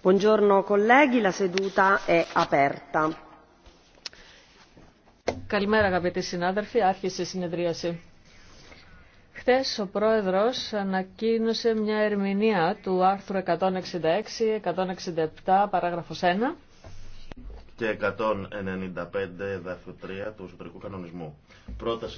buongiorno colleghi la seduta è aperta Καλημέρα αγαπητοί συνάδελφοι, άρχισε η συνεδρίαση. Χθες ο πρόεδρος ανακοίνωσε μια ερμηνεία του άρθρου 166-167 παράγραφος 1 και 195 εδάφιο 3 του εσωτερικού κανονισμού. Πρόταση